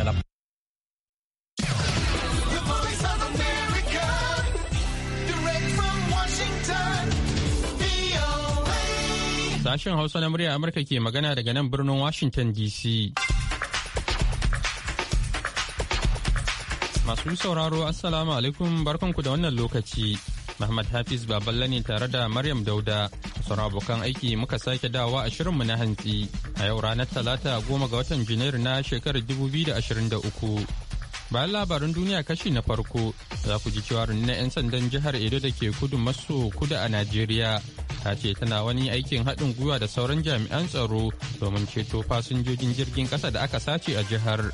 la Sashen Hausa na murya Amurka ke magana daga nan birnin Washington DC. Masu sauraro, Assalamu alaikum barkanku da wannan lokaci. Muhammad Hafiz Baballe ne tare da Maryam Dauda. Sauran abokan aiki muka sake dawa a shirinmu na hantsi a yau ranar Talata goma ga watan Janairu na shekarar dubu biyu da da uku. Bayan labarin duniya kashi na farko za ku ji cewa na 'yan sandan jihar Edo da ke kudu maso kudu a Najeriya ta ce tana wani aikin haɗin gwiwa da sauran jami'an tsaro domin ceto fasinjojin jirgin ƙasa da aka sace a jihar.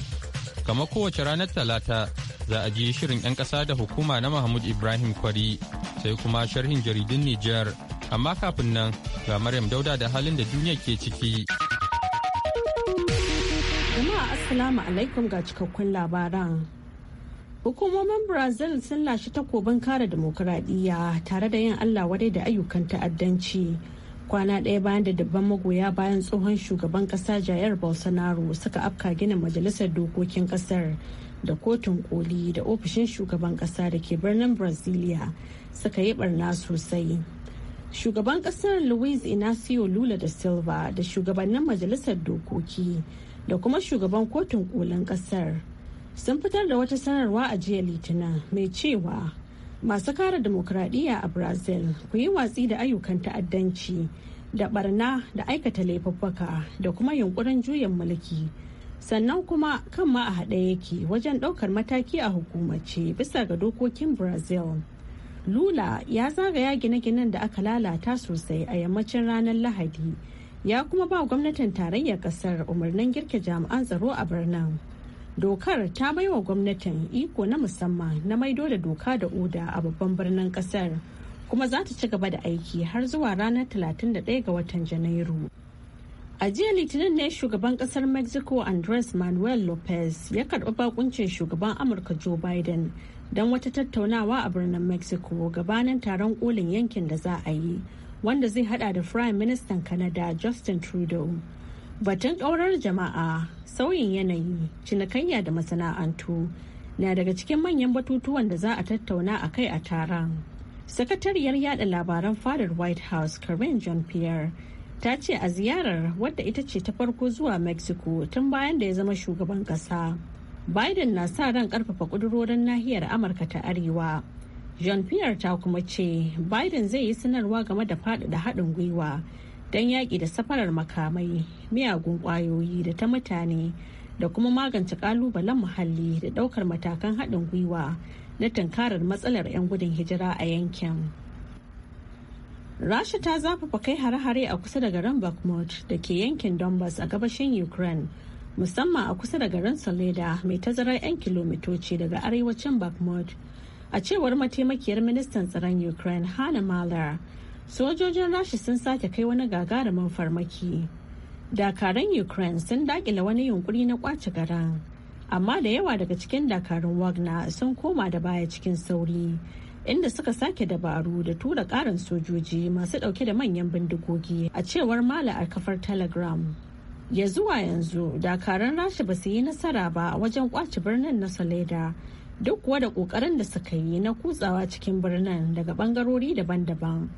kamar kowace ranar Talata za a ji shirin 'yan ƙasa da hukuma na Mahmud Ibrahim Kwari sai kuma sharhin jaridun Nijar. Amma kafin nan ga Maryam Dauda da halin da duniya ke ciki. Jama'a Assalamu alaikum ga cikakkun labaran. Hukumomin Brazil sun lashe takobin kare demokuraɗiyya tare da yin Allah wadai da ayyukan ta'addanci. kwana ɗaya bayan da dabban magoya bayan tsohon shugaban ƙasa jair bolsonaro suka afka ginin majalisar dokokin ƙasar da kotun koli da ofishin shugaban ƙasa da ke birnin brazilia suka yi barna sosai shugaban ƙasar luis inacio lula da silva da shugabannin majalisar dokoki da kuma shugaban kotun kolin ƙasar sun fitar da wata sanarwa a jiya litinin mai cewa masu kare demokradiyya a brazil ku yi watsi da ayyukan ta'addanci da barna da aikata laifuffuka da kuma yunkurin juyin mulki sannan kuma kan ma a haɗe yake wajen ɗaukar mataki a hukumace bisa ga dokokin brazil lula ya zagaya gine-ginen da aka lalata sosai a yammacin ranar lahadi ya kuma ba gwamnatin tarayyar ƙasar umarnin girke jami'an tsaro a birnin dokar ta baiwa gwamnatin iko na musamman na maido da doka da oda a babban birnin kasar kuma za ta ci gaba da aiki har zuwa ranar 31 ga watan janairu a jiya litinin ne shugaban kasar mexico andres manuel lopez ya karɓi bakuncin shugaban amurka joe biden don wata tattaunawa a birnin mexico gabanin taron kolin yankin da za a yi wanda zai hada da prime ministan canada justin trudeau Batun ɗaurar jama'a, sauyin yanayi, cinikayya da masana'antu na daga cikin manyan batutuwan da za a tattauna a kai a taron. Sakatariyar yada labaran fadar White House Karen John Pierre ta ce a ziyarar wadda ita ce ta farko zuwa Mexico tun bayan da ya zama shugaban ƙasa. Biden na sa ran ƙarfafa kudurorin nahiyar Amurka ta Arewa. John Pierre ta kuma ce Biden zai yi sanarwa game da faɗaɗa haɗin gwiwa don yaƙi da safarar makamai miyagun ƙwayoyi da ta mutane da kuma magance ƙalubalen muhalli da ɗaukar matakan haɗin gwiwa na tunkarar matsalar 'yan gudun hijira a yankin. rasha ta zafafa kai hare-hare a kusa da garin bakhmut da ke yankin donbass a gabashin ukraine musamman a kusa da garin soleda mai tazarar 'yan kilomitoci daga arewacin bakhmut a cewar mataimakiyar ministan tsaron ukraine hannah mahler. sojojin rasha sun sake kai wani gagarumin farmaki dakaran ukraine sun dakila wani yunkuri na kwace gara amma da yawa daga cikin dakarun wagner sun koma da baya cikin sauri inda suka sake dabaru da tura karin sojoji masu dauke da manyan bindigogi a cewar mala a kafar telegram ya zuwa yanzu dakaran rasha ba su yi nasara ba wajen kwace birnin na soleda duk kuwa da kokarin da suka yi na kutsawa cikin birnin daga bangarori daban-daban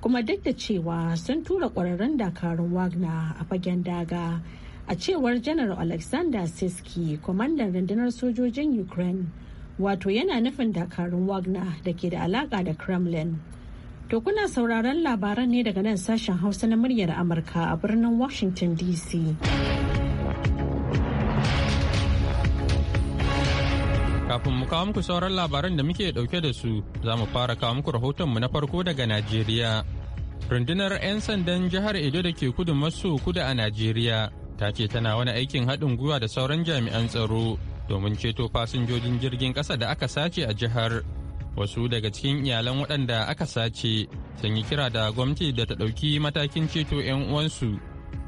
kuma duk da cewa sun tura kwararren dakarun wagner a fagen daga a cewar janar alexander siski kwamandan rundunar sojojin ukraine wato yana nufin dakarun wagner da ke da alaka da kremlin to kuna sauraron labaran ne daga nan sashen hausa na muryar amurka a birnin washington dc Kafin mu kawo muku sauran labaran da muke dauke da su, za mu fara kawo muku rahoton mu na farko daga Najeriya. Rundunar 'yan sandan jihar Edo da ke kudu maso kudu a Najeriya ta ce tana wani aikin haɗin gwiwa da sauran jami'an tsaro domin ceto fasinjojin jirgin ƙasa da aka sace a jihar. Wasu daga cikin iyalan waɗanda aka sace sun yi kira da gwamnati da ta ɗauki matakin ceto 'yan uwansu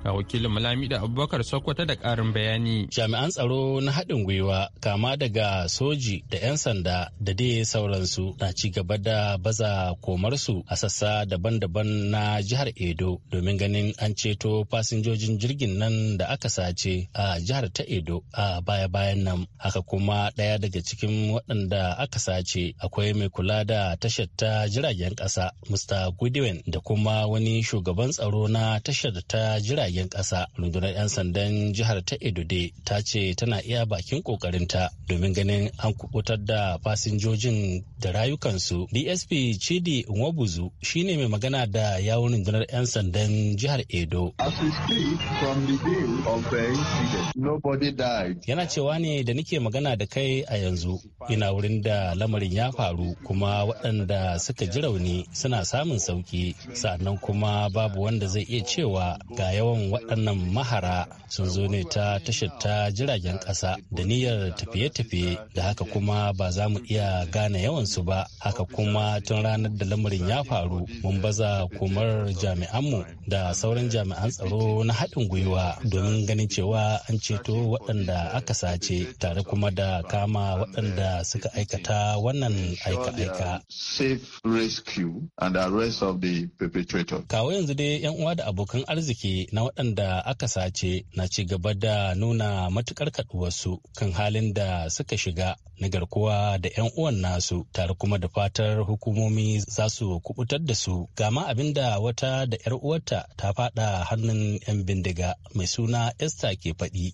ga wakilin Malami da abubakar sokoto da karin bayani jami'an tsaro na haɗin gwiwa kama daga soji da 'yan sanda da dai sauransu na ci gaba da baza komarsu a sassa daban-daban na jihar edo domin ganin an ceto fasinjojin jirgin nan da aka sace a jihar ta edo a baya-bayan nan haka kuma ɗaya daga cikin waɗanda aka sace akwai mai kula da tashar ta jiragen ƙasa mr goodwin da kuma wani shugaban tsaro na tashar ta jiragen jiragen ƙasa rundunar 'yan sandan jihar ta edode ta ce tana iya bakin ƙoƙarinta domin ganin an kubutar da fasinjojin da rayukansu dsp chidi nwabuzu shine mai magana da yawon rundunar 'yan sandan jihar edo yana cewa ne da nike magana da kai a yanzu ina wurin da lamarin ya faru kuma waɗanda suka ji rauni suna samun sauki sannan kuma babu wanda zai iya cewa ga yawan irin waɗannan mahara sun zo ne ta tashar ta jiragen ƙasa da niyyar tafiye-tafiye da haka kuma ba za mu iya gane yawansu ba haka kuma tun ranar da lamarin ya faru mun baza komar jami'anmu da sauran jami'an tsaro na haɗin gwiwa domin ganin cewa an ceto waɗanda aka sace tare kuma da kama waɗanda suka aikata wannan aika-aika. Kawo yanzu dai 'yan uwa da abokan arziki na waɗanda aka sace na ci gaba da nuna matukar kaɗuwarsu kan halin da suka shiga na garkuwa da 'yan uwan nasu tare kuma da fatar hukumomi za su kubutar da su gama abin da wata da 'yar uwarta ta faɗa hannun 'yan bindiga mai suna esther ke faɗi.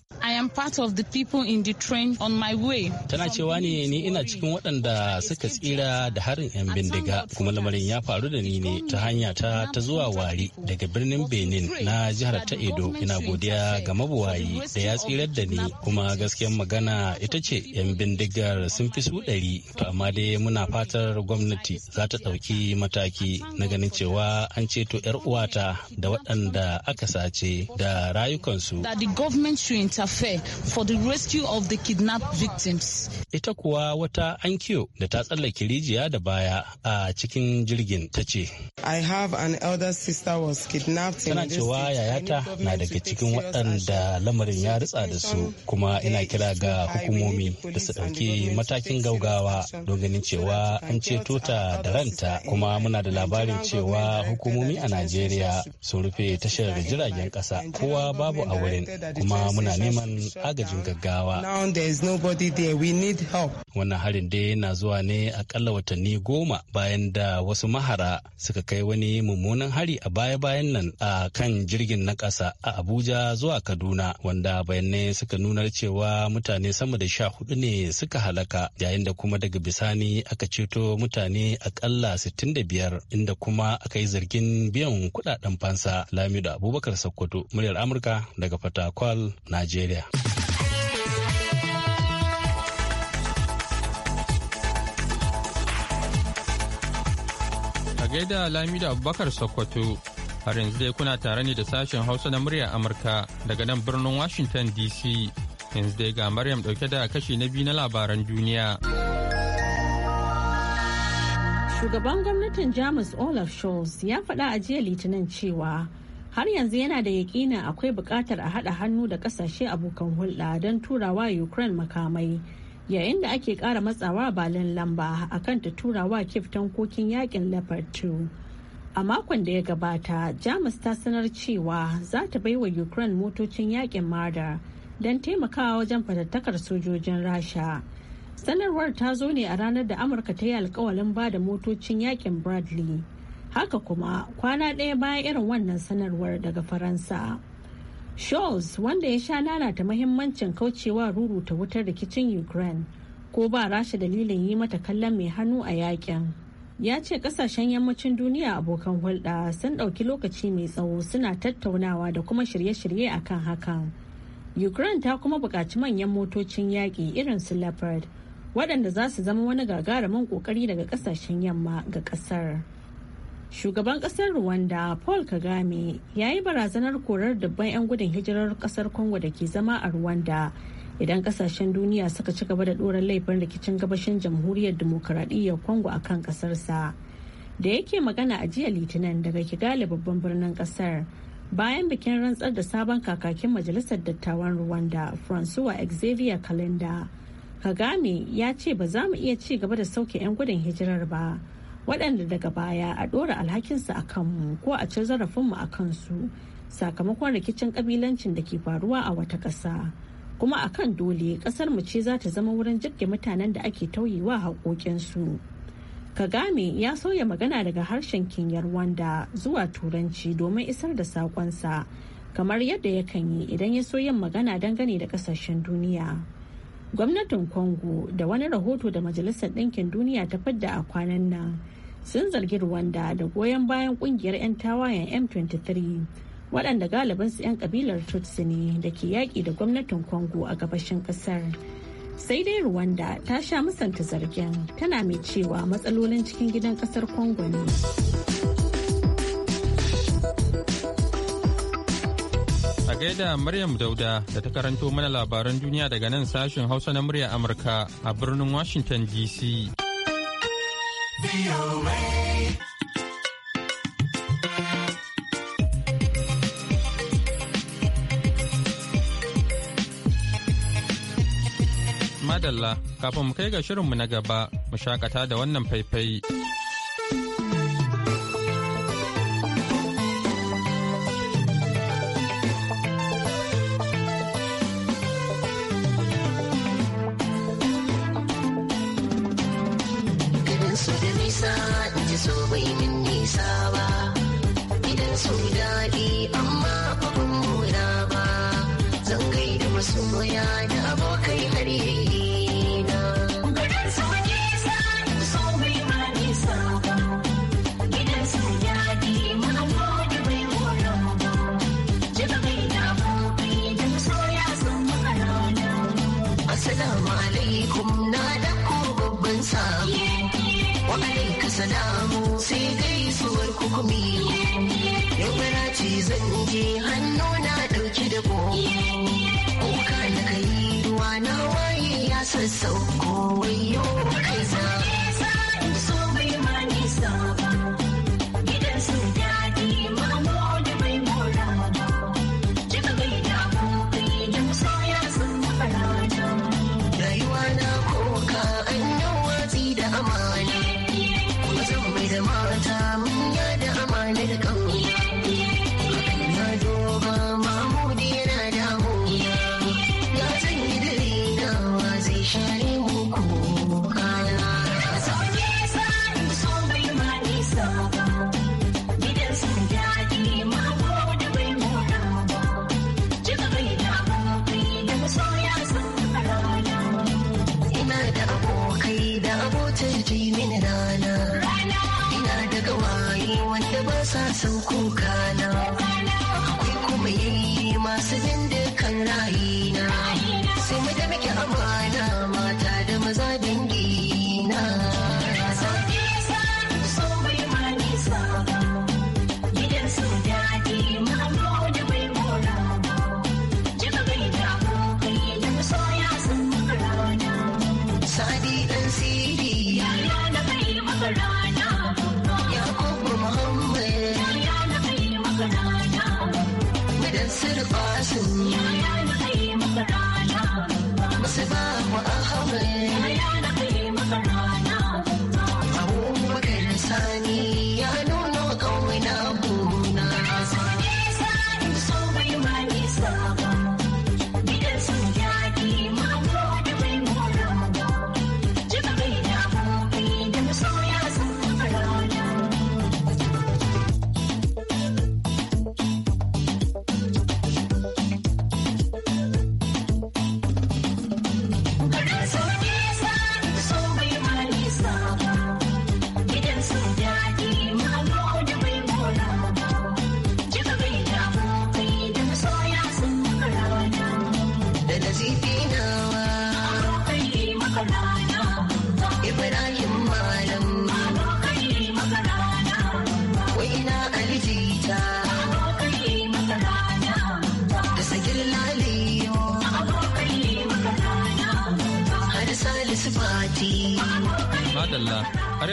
part of the people in the train on my way. Tana cewa ne ni ina cikin waɗanda suka tsira da harin 'yan bindiga kuma lamarin ya faru da ni ne ta hanya ta ta zuwa wari daga birnin Benin na jihar ta Edo ina godiya ga mabuwayi da ya tsirar da ni kuma gaskiyar magana ita ce 'yan bindigar sun fi su ɗari to amma dai muna fatar gwamnati za ta ɗauki mataki na ganin cewa an ceto 'yar uwata da waɗanda aka sace da rayukansu. That the government should interfere for the rescue of the kidnapped victims. Ita kuwa wata ankiyo da ta tsallake rijiya da baya a cikin jirgin ta ce. I have an elder sister was kidnapped in this Tana cewa yayata na daga cikin waɗanda lamarin ya ritsa da su kuma ina kira ga hukumomi da su ɗauki matakin gaugawa don ganin cewa an ceto ta da ranta kuma muna da labarin cewa hukumomi a Najeriya sun rufe tashar jiragen ƙasa kowa babu a wurin kuma muna neman agajin gaggawa. Wannan harin dai na zuwa ne akalla watanni goma bayan da wasu mahara suka kai wani mummunan hari a baya-bayan nan a kan jirgin na ƙasa a Abuja zuwa Kaduna wanda bayanai suka nuna cewa mutane sama da sha hudu ne suka halaka yayin da kuma daga bisani aka ceto mutane akalla biyar. inda kuma aka yi zargin biyan kudaden fansa Lamido Abubakar Sokoto muryar Amurka daga Fatakwal, Najeriya. A gaida Lamido Abubakar Sokoto, har yanzu dai kuna tare ne da sashen Hausa na murya Amurka daga nan birnin Washington DC. Yanzu dai ga Maryam dauke da kashi na biyu na labaran duniya. Shugaban gwamnatin Jamus Olaf Scholz ya faɗa a jiya Litinin cewa har yanzu yana da yakinin akwai buƙatar a haɗa hannu da ƙasashe abokan hulɗa don turawa ukraine makamai yayin da ake ƙara matsawa balin lamba akan ta turawa kif tankokin yakin leopard 2 a makon da ya gabata jamus ta sanar cewa za ta bai wa ukraine motocin yakin mada don taimakawa wajen fatattakar sojojin rasha sanarwar ta zo ne a ranar da amurka ta yi alkawalin ba da motocin yakin bradley haka kuma kwana ɗaya bayan irin wannan sanarwar daga faransa Scholz wanda ya sha lalata mahimmancin kaucewa ruruta wutar rikicin Ukraine ko ba rasha dalilin yi mata kallon mai hannu a yakin. Ya ce kasashen yammacin duniya abokan hulɗa sun ɗauki lokaci mai tsawo suna tattaunawa da kuma shirye-shirye akan hakan. Ukraine ta kuma buƙaci manyan motocin yaƙi irin su Leopard waɗanda za su zama wani gagarumin ƙoƙari daga kasashen yamma ga ƙasar. Shugaban kasar Rwanda Paul Kagame ya yi barazanar korar dabban 'yan gudun hijirar kasar Congo da ke zama a Rwanda idan kasashen duniya suka ci gaba da doron laifin rikicin gabashin jamhuriyar demokuraɗiyyar Congo a kan ƙasarsa. Da yake magana a jiya Litinin daga Kigali babban birnin ƙasar. bayan bikin rantsar da sabon kakakin majalisar dattawan rwanda francois xavier kalenda kagame ya ce ba za mu iya ci gaba da sauke 'yan gudun hijirar ba waɗanda daga baya a ɗora alhakinsu a kanmu ko a ci zarafinmu a kansu sakamakon rikicin ƙabilancin da ke faruwa a wata ƙasa kuma a kan dole ƙasar mu ce za ta zama wurin jirge mutanen da ake tauyewa haƙoƙinsu kagame ya sauya magana daga harshen kinyar wanda zuwa turanci domin isar da saƙonsa kamar yadda ya kan yi idan ya so yin magana dangane da ƙasashen duniya. gwamnatin congo da wani rahoto da majalisar ɗinkin duniya ta fadda a kwanan nan sun zargi rwanda da goyon bayan kungiyar 'yan tawayen m23 waɗanda galibin su 'yan kabilar tutsi ne da ke yaƙi da gwamnatin congo a gabashin ƙasar sai dai rwanda ta sha musanta zargin tana mai cewa matsalolin cikin gidan ƙasar congo ne A gaida Maryam Dauda da ta karanto mana labaran duniya daga nan sashen Hausa na murya Amurka a birnin Washington DC. Madalla, kafin mu kai ga shirinmu na gaba, mu shakata da wannan faifai. su da nisa in ji so bai min nisa ba idan su daɗi amma ba mun ba zan gaida masoya da namu sai gaisuwar kukumi yau bara ce zan je hannu na ɗauki da ko kuka na kai ruwa na waye ya sassauko wayo kai za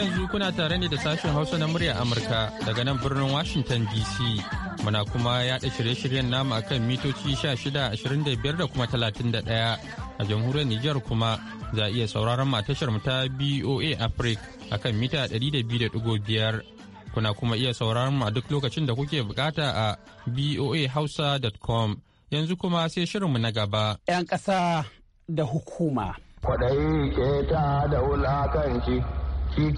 yanzu kuna tare ne da sashen Hausa na murya Amurka daga nan birnin Washington DC. Muna kuma yaɗa shirye-shiryen namu akan mitoci 16, 25 da kuma 31 a jamhuriyar Nijar kuma za iya sauraron tashar mu ta BOA Africa a kan mita 200.5. Kuna kuma iya sauraron mu a duk lokacin da kuke bukata a boahausa.com. Yanzu kuma sai mu na gaba. 'Yan ƙasa da hukuma. Kwaɗayi ke ta da shi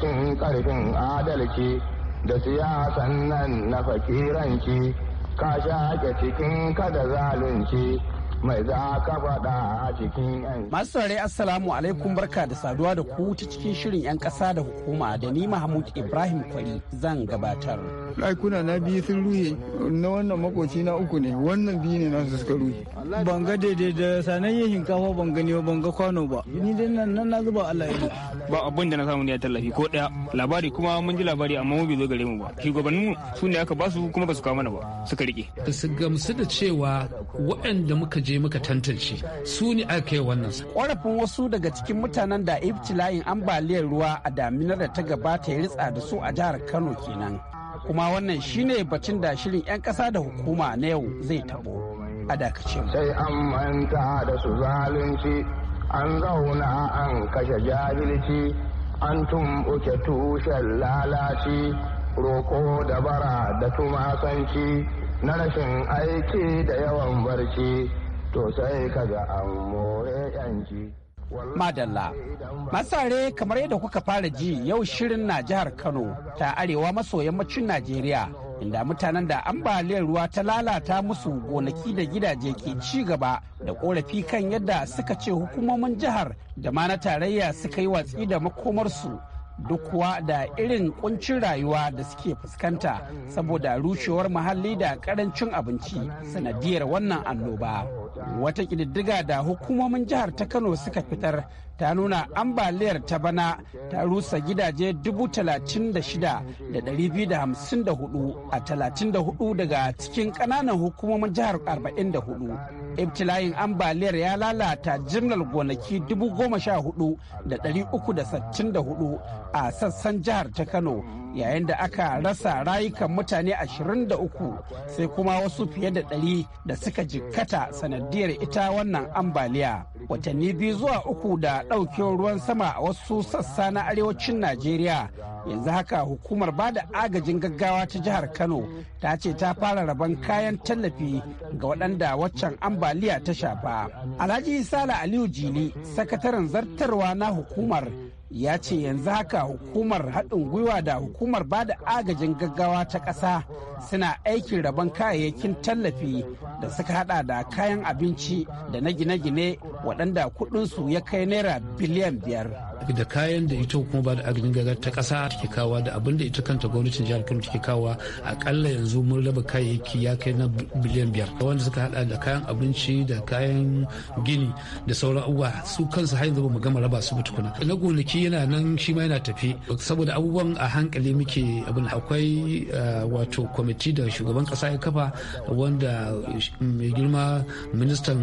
sun karfin adalci da siyasan nan na fakiranci ka shaƙe cikin kada zalunci mai za ka faɗa a cikin yan. Masu saurari Assalamu alaikum barka da saduwa da ku ta cikin shirin 'yan ƙasa da hukuma da ni Mahmud Ibrahim Kwari zan gabatar. Ɗakuna na biyu sun ruhe na wannan makoci na uku ne wannan biyu ne nasu suka ruhe. Ban ga daidai da yin shinkafa ban gani ban ga kwano ba. Ni dai nan na zuba Allah ya Ba abin da na samu ne a tallafi ko daya labari kuma mun ji labari amma mu bai zo gare mu ba. Shugabanninmu su ne aka basu kuma ba su kawo mana ba suka riƙe. Su gamsu da cewa waɗanda muka je je muka tantance su ne aka yi wannan ƙorafin wasu daga cikin mutanen da ibtilayin ambaliyar ruwa a daminar da ta gabata ya ritsa da su a jihar kano kenan kuma wannan shine bacin da shirin 'yan ƙasa da hukuma na yau zai taɓo a dakace sai an manta da su zalunci an zauna an kashe jahilci an tumɓuke tushen lalaci roko da bara da tumasanci na rashin aiki da yawan barci to sai ka ga an more yanci. Madalla. Masare kamar yadda kuka fara ji yau shirin na jihar Kano ta arewa maso yammacin Najeriya inda mutanen da ambaliyar ruwa ta lalata musu gonaki da gidaje ke ci gaba da korafi kan yadda suka ce hukumomin jihar da ma na tarayya suka yi watsi da makomarsu duk kuwa da irin kuncin rayuwa da suke fuskanta saboda rushewar muhalli da karancin abinci sanadiyar wannan annoba wata ƙididdiga da hukumomin jihar ta kano suka fitar ta nuna ambaliyar ta bana ta rusa gidaje 36,254 a 34 daga cikin ƙananan hukumomin jihar 44 ibtilayin ambaliyar ya lalata jimlar gonaki dubu goma sha hudu da da da uku hudu a sassan jihar ta kano yayin da aka rasa rayukan mutane 23 sai kuma wasu fiye da ɗari da suka jikkata sanadiyar ita wannan ambaliya watanni biyu zuwa uku da ɗaukewar ruwan sama a wasu sassa na arewacin najeriya yanzu haka hukumar ba da agajin gaggawa ta jihar kano ta ce ta fara rabon kayan tallafi ga waɗanda waccan ambaliya ta shafa alhaji sala aliyu jili sakataren zartarwa na hukumar ya ce yanzu haka hukumar haɗin gwiwa da hukumar ba da agajin gaggawa ta ƙasa suna aikin rabon kayayyakin tallafi da suka hada da kayan abinci da na gine-gine waɗanda kuɗinsu ya kai naira biliyan biyar. da kayan da ita hukumar ba da agajin gaggawa ta kasa take kawa da abin da ita kanta gwamnatin jihar Kano take kawa aƙalla yanzu mun raba kayayyaki ya kai na biliyan biyar wanda suka hada da kayan abinci da kayan gini da sauran abubuwa su kansu har yanzu ba mu gama raba su ba tukuna na gonaki yana nan shi ma yana tafi saboda abubuwan a hankali muke abin akwai eh, wato kwamiti da shugaban kasa ya kafa wanda mai girma ministan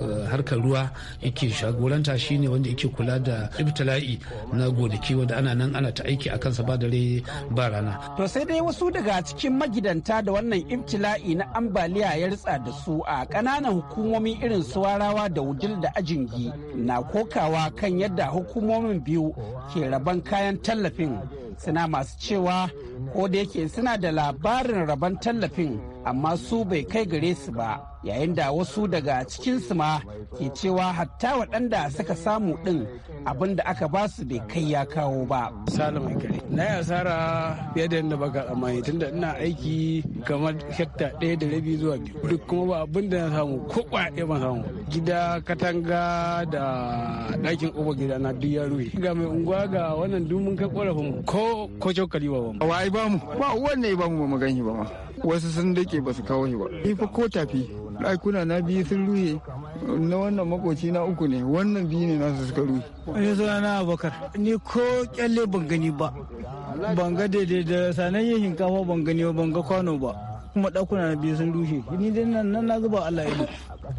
eh, harkar ruwa yake shagoranta shine wanda yake kula da ibtila'i na gonaki wanda ana nan ana ta aiki a kansa ba dare ba rana. To sai dai wasu daga cikin magidanta da wannan ibtila'i na ambaliya ya ritsa da su a kananan hukumomi irin su warawa da wudil da ajingi na kokawa kan yadda hukumomin biyu ke rabon kayan tallafin suna masu cewa ko da yake suna da labarin rabon tallafin amma su bai kai gare su ba yayin da wasu daga cikinsu ma ke cewa hatta waɗanda suka samu ɗin abin da aka ba su bai kai ya kawo ba. Salim Aikari. Na yi asara fiye da yadda baka tsammani da ina aiki kamar hekta ɗaya da rabi zuwa biyu. Duk kuma ba abin da na samu ko ɗaya ban samu. Gida katanga da ɗakin ƙofar gida na duk ya rufe. Ga mai unguwa ga wannan dumin kai ƙorafin ko ko cokali ba ba. Wai ba mu ba wanne ba mu ba mu ganyi ba ma. wasu sun dake ba su kawo shi ba ni fa ko tafi kuna na biyu sun ruhe na wannan makoci na uku ne wannan biyu ne nasu suka ruhe ni suna na abokar ni ko kyalle ban gani ba ban ga daidai da sanan yin shinkafa ban gani ba ban ga kwano ba kuma dakuna na biyu sun rushe ni dai nan na zuba Allah ido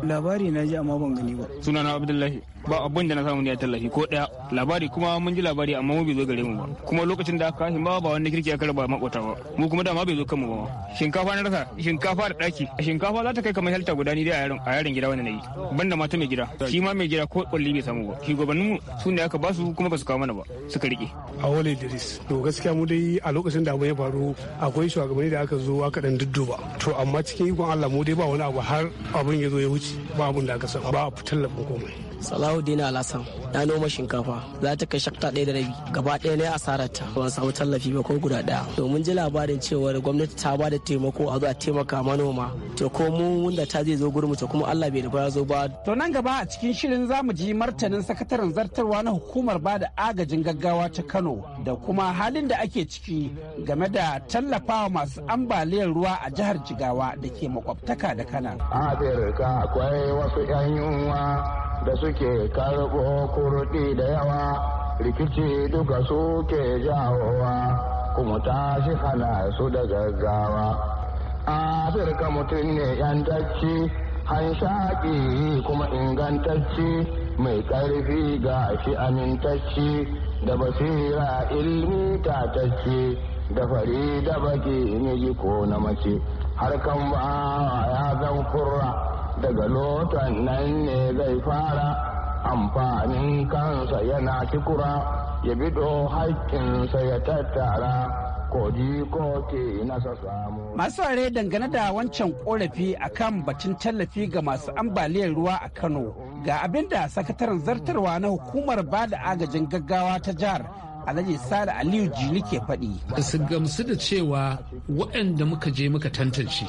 labari na ji amma ban gani ba sunana abdullahi ba abin da na samu ne a tallafi ko daya labari kuma mun ji labari amma mu bai zo gare mu ba kuma lokacin da aka himma ba wani kirki ya karba makota ba mu kuma dama bai zo kanmu ba shinkafa na rasa shinkafa da daki shinkafa za ta kai kamar helta guda ni dai a yaron a yaron gida wanda nayi banda mata mai gida shi ma mai gida ko kulli bai samu ba shugabannin mu su ne aka su kuma ba su kawo mana ba suka rike a wale idris to gaskiya mu dai a lokacin da abu ya faru akwai shugabanni da aka zo aka dan dudduba to amma cikin ikon Allah mu dai ba wani abu har abin ya zo ya wuce talauci ba abin da aka san ba fitar labin komai Salahuddin Alhassan ya noma shinkafa za ta kai shakta ɗaya da rabi gaba ɗaya ne ta ban samu tallafi ba ko guda ɗaya domin ji labarin cewa gwamnati ta bada da taimako a zo a taimaka manoma to ko mu wanda ta zai zo gurin to kuma Allah bai nufa ya zo ba. To nan gaba a cikin shirin za mu ji martanin sakataren zartarwa na hukumar ba da agajin gaggawa ta Kano da kuma halin da ake ciki game da tallafawa masu ambaliyar ruwa a jihar Jigawa da ke makwabtaka da Kana. Afirka akwai wasu 'yan yunwa da su suke karɓo kurɗi da yawa rikici duka suke jawowa kuma ta shi hana su da gaggawa afirka mutum ne yantacci hanshaƙi kuma ingantacci mai ƙarfi ga shi amintacci da basira ilmi tatacci da fari da baki ne ko na mace harkan ba ya zan kurra daga lotan nan ne zai fara amfanin kansa yana kikura ya bido haƙƙinsa ya tattara Masu ware dangane da wancan korafi a kan batun tallafi ga masu ambaliyar ruwa a Kano ga abinda sakataren zartarwa na hukumar ba da agajin gaggawa ta jihar Alhaji Sale Aliyu Jili ke faɗi. Su gamsu da cewa waɗanda muka je muka tantance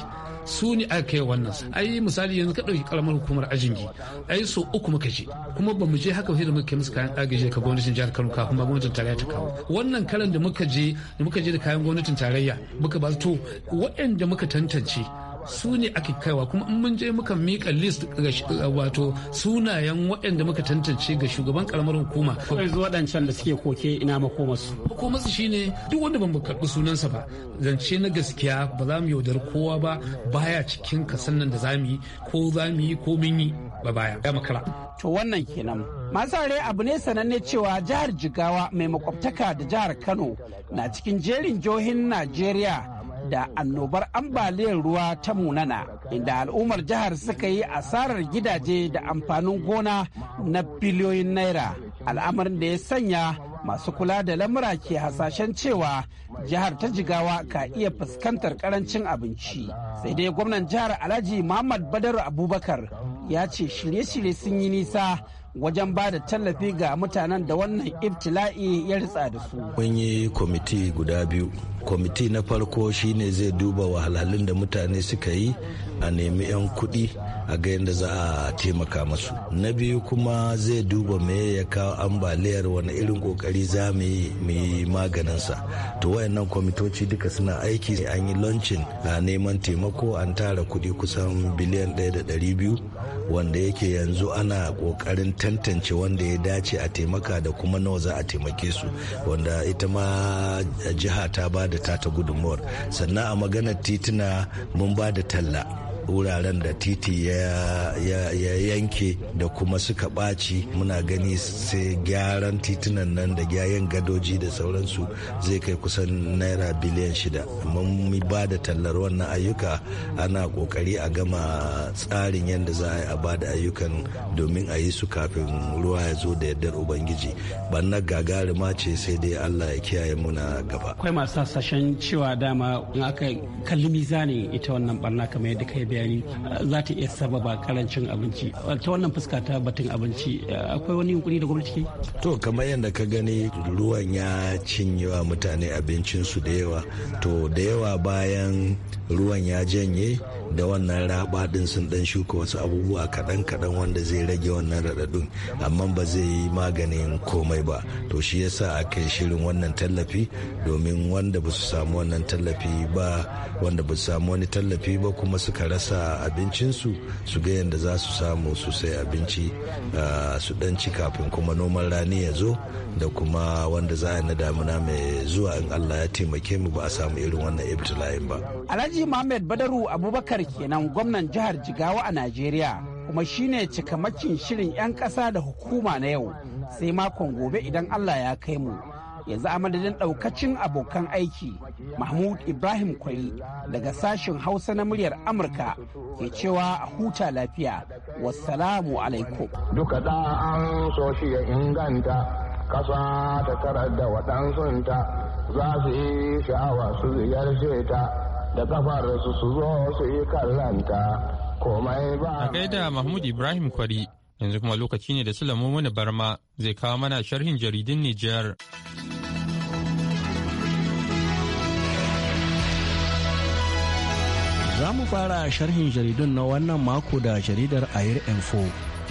su ne aka kai wannan ai misali yanzu ka ɗauki karamar hukumar ajingi ai so uku muka je kuma ba mu je haka sai da muka kai musu kayan agaji ka gwamnatin jihar Kano kafin ma gwamnatin tarayya ta kawo wannan karan da muka je da muka je da kayan gwamnatin tarayya muka ba to waɗanda muka tantance su ne ake kaiwa kuma in mun je muka mika list wato sunayen waɗanda muka tantance ga shugaban karamar hukuma yanzu waɗancan da suke koke ina makomarsu makomarsu shine duk wanda ban karɓi sunansa ba zance na gaskiya ba za mu yaudar kowa ba baya cikin kasan nan da za mu yi ko za mu yi ko mun yi ba baya ya makara to wannan kenan masare abu ne sananne cewa jihar jigawa mai makwabtaka da jihar kano na cikin jerin johin najeriya da annobar ambaliyar ruwa ta munana inda al'ummar jihar suka yi asarar gidaje da amfanin gona na biliyoyin naira al'amarin da ya sanya masu kula da lamura ke hasashen cewa jihar ta jigawa ka iya fuskantar karancin abinci sai dai gwamnan jihar alhaji muhammad badaru abubakar ya ce shirye-shirye sun yi nisa wajen ba da tallafi ga mutanen da wannan ibtila'i ya ritsa da su. Mun yi kwamiti guda biyu. Kwamiti na farko shine zai duba wahalhalun da mutane suka yi a nemi 'yan kuɗi a ga yadda za a taimaka masu. Na biyu kuma zai duba me ya kawo ambaliyar wani irin kokari za mu yi maganinsa. To wayannan kwamitoci duka suna aiki an yi launching a neman taimako an tara kuɗi kusan biliyan ɗaya da ɗari biyu wanda yake yanzu ana kokarin tantance wanda ya dace a taimaka da kuma nawa za a taimake su wanda ita ma jiha ta ba da tata gudunmuwar sannan a maganar tituna mun ba da talla wuraren da titi ya yanke da kuma suka ɓaci muna gani sai gyaran titunan nan da gyayen gadoji da sauransu zai kai kusan naira biliyan shida amma mun ba da tallar wannan ayyuka ana kokari a gama tsarin yadda za a yi a ba da ayyukan domin a yi su kafin ruwa ya zo da yardar ubangiji banna gagarima ce sai dai allah ya kiyaye muna gaba akwai masu hasashen cewa dama in aka kalli mizanin ita wannan barna kamar yadda kai bayani eh, za ta iya sababa karancin abinci ta wannan fuska ta batun abinci eh, akwai wani yunkuri da gwamnati ke to kamar yadda ka gani ruwan ya cinye wa mutane abincinsu da yawa to da yawa bayan ruwan ya janye da wannan raba din sun dan shuka wasu abubuwa kadan kadan wanda zai rage wannan raɗaɗin amma ba zai yi maganin komai ba to shi yasa aka yi shirin wannan tallafi domin wanda ba su samu wannan tallafi ba wanda ba su samu wani tallafi ba kuma suka rasa sa abincinsu su ga yadda za su samu su sai abinci su dan kafin kuma noman rani ya zo da kuma wanda za a na damuna mai zuwa in allah ya taimake mu ba a samu irin wannan ibtila'in ba alhaji muhammad badaru abubakar kenan gwamnan jihar jigawa a najeriya kuma shine cika shirin 'yan ƙasa da hukuma na yau sai makon gobe idan allah ya kai mu yanzu a madadin daukacin abokan aiki mahmud ibrahim kwari daga sashen hausa na muryar amurka ke cewa a huta lafiya wassalamu alaikum duka da an so shi ya inganta kasa ta tarar da waɗansunta za su yi sha'awa su ziyarce ta da kafar su su zo su yi kallanta komai ba a gaida mahmud ibrahim kwari yanzu kuma lokaci ne da lamu wani Barma zai kawo mana sharhin jaridin Nijar. Za mu fara sharhin jaridun na wannan mako da jaridar Air Info.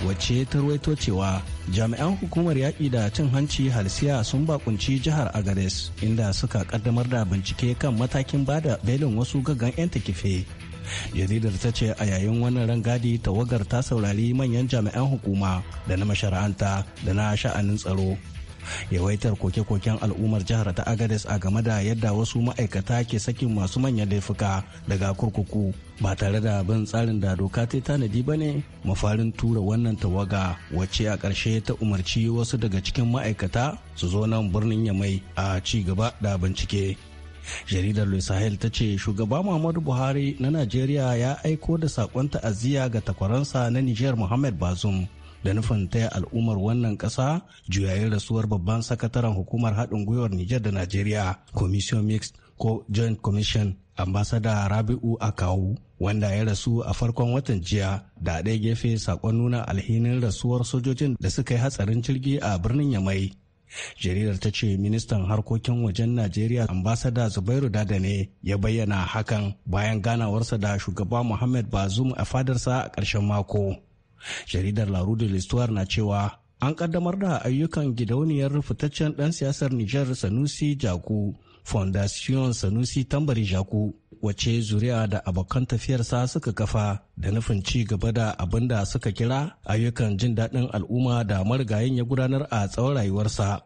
wacce ta ruwaito cewa jami'an hukumar yaƙi da cin hanci halsiya sun bakunci jihar agades inda suka kaddamar da bincike kan matakin bada belin wasu gaggan 'yan takife jaridar ta ce a yayin wannan rangadi tawagar ta saurari manyan jami'an hukuma da na mashara'anta da na sha'anin tsaro yawaitar koke-koken al'ummar jihar ta agades a game da yadda wasu ma'aikata ke sakin masu manyan laifuka daga kurkuku ba tare da bin tsarin da doka ta tanadi ba ne mafarin tura wannan tawaga wacce a ƙarshe ta umarci wasu daga cikin ma'aikata su zo nan birnin yamai a ci gaba da bincike jaridar le sahel ta ce shugaba muhammadu buhari na najeriya ya aiko da sakon ta'aziyya ga takwaransa na nijar muhammad bazum da nufin taya al'ummar wannan ƙasa juyayin rasuwar babban sakataren hukumar haɗin gwiwar nijar da najeriya commission mix ko joint commission ambasada rabi'u akawu wanda ya rasu a farkon watan jiya da ɗaya gefe sakon nuna alhinin rasuwar sojojin da suka yi hatsarin jirgi a birnin yamai jaridar ta ce ministan harkokin wajen najeriya ambasada zubairu dada ne ya bayyana hakan bayan ganawarsa da shugaba muhammad bazum a fadarsa a ƙarshen mako jaridar de listuwar na cewa an kaddamar da ayyukan gidauniyar fitaccen ɗan siyasar niger sanusi jaku fondation sanusi tambari jaku wace zuriya da abokan tafiyarsa suka kafa da nufin ci gaba da abin da suka kira ayyukan jin daɗin al'umma da marigayin ya gudanar a tsawon rayuwarsa.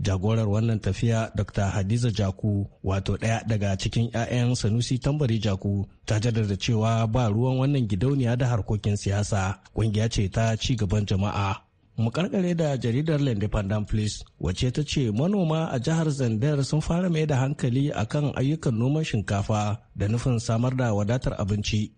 Jagorar wannan tafiya Dr. Hadiza Jaku wato ɗaya daga cikin 'ya'yan Sanusi Tambari Jaku ta jaddada cewa ba ruwan wannan gidauniya da harkokin siyasa ƙungiya ce ta ci gaban jama'a. mu karkare da jaridar l'independent police wace ta ce manoma a jihar zandar sun fara mai da hankali akan ayyukan noman shinkafa da nufin samar da wadatar abinci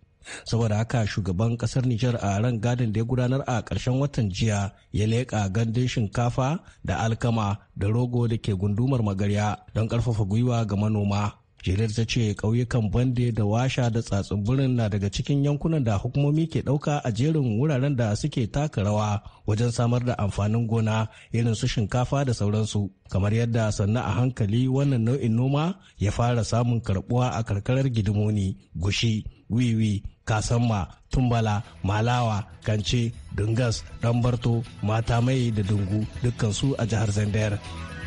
saboda haka shugaban kasar Nijar a ran gadin da ya gudanar a ƙarshen watan jiya ya leƙa gandun shinkafa da alkama da rogo da ke gundumar magarya don ƙarfafa gwiwa ga manoma jirar ta ce ƙauyukan bande da washa da tsatsunburin na daga cikin yankunan da hukumomi ke ɗauka a jerin wuraren da suke taka rawa wajen samar da amfanin gona irin su shinkafa da sauransu kamar yadda sannan a hankali wannan nau'in noma ya fara samun karbuwa a karkarar gidimoni gushi wiwi kasamma tumbala malawa kance dungas ɗanbarto mata mai da dungu dukkansu a jihar zandar.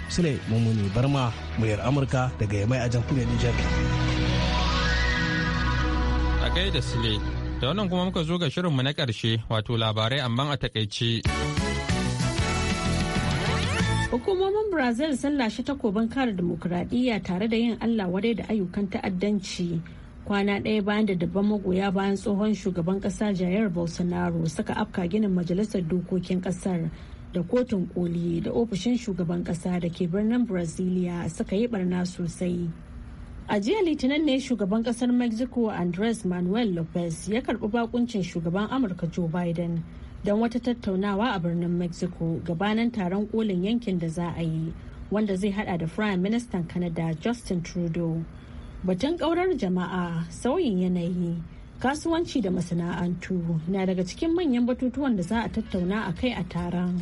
sule mummuni barma muryar amurka daga yamai a jamhuriyar nijar a gaida sule da wannan kuma muka zo ga shirinmu na karshe wato labarai amma a takaice hukumomin brazil sun lashe takobin kare demokuraɗiyya tare da yin allah wadai da ayyukan ta'addanci kwana ɗaya bayan da dabban magoya bayan tsohon shugaban ƙasa jair bolsonaro suka afka ginin majalisar dokokin ƙasar da kotun koli da ofishin shugaban kasa da ke birnin brazilia suka yi barna sosai a jiya litinin ne shugaban kasar mexico andres manuel lopez ya karbi bakuncin shugaban amurka joe biden don wata tattaunawa a birnin mexico gabanin taron kolin yankin da za a yi wanda zai hada da prime minister canada justin trudeau batun kaurar jama'a sauyin yanayi kasuwanci da masana'antu na daga cikin manyan batutuwan da za a tattauna a kai a taron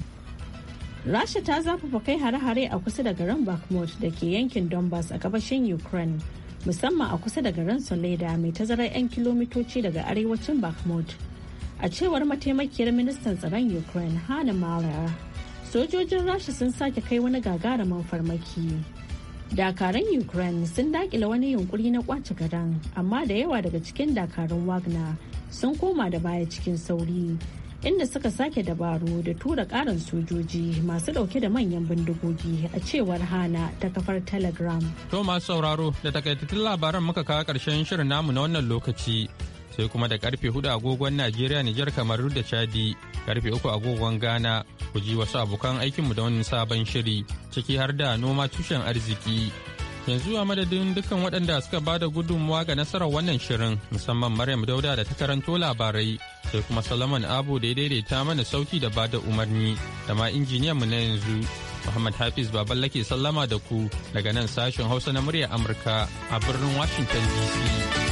rasha ta zafafa kai hare-hare a kusa da garin bakhmut da ke yankin donbass a gabashin ukraine musamman a kusa da garin soleda mai tazarar 'yan kilomitoci daga arewacin bakhmut a cewar mataimakiyar ministan tsaron ukraine hana mara sojojin rasha sun sake kai wani gagarumin farmaki dakaran ukraine sun dakila wani yunkuri na kwace gadan amma da yawa daga cikin dakarun wagner sun koma da baya cikin sauri inda suka sake dabaru da tura karin sojoji masu dauke da manyan bindigogi a cewar hana ta kafar telegram. To masu sauraro da takaitattun labaran muka kawo karshen shirin namu na wannan lokaci sai kuma da karfe hudu agogon Najeriya Nijar Kamaru da Chadi karfe uku agogon Ghana ku ji wasu abokan aikinmu da wani sabon shiri ciki har da noma tushen arziki. yanzu a madadin dukkan waɗanda suka ba da gudunmawa ga nasarar wannan shirin musamman maryam dauda da ta karanto labarai sai kuma salaman abu da ya daidaita mana sauki da ba da umarni da ma injiniyan mu na yanzu muhammad hafiz lake sallama da ku daga nan sashen hausa na murya amurka a birnin washington dc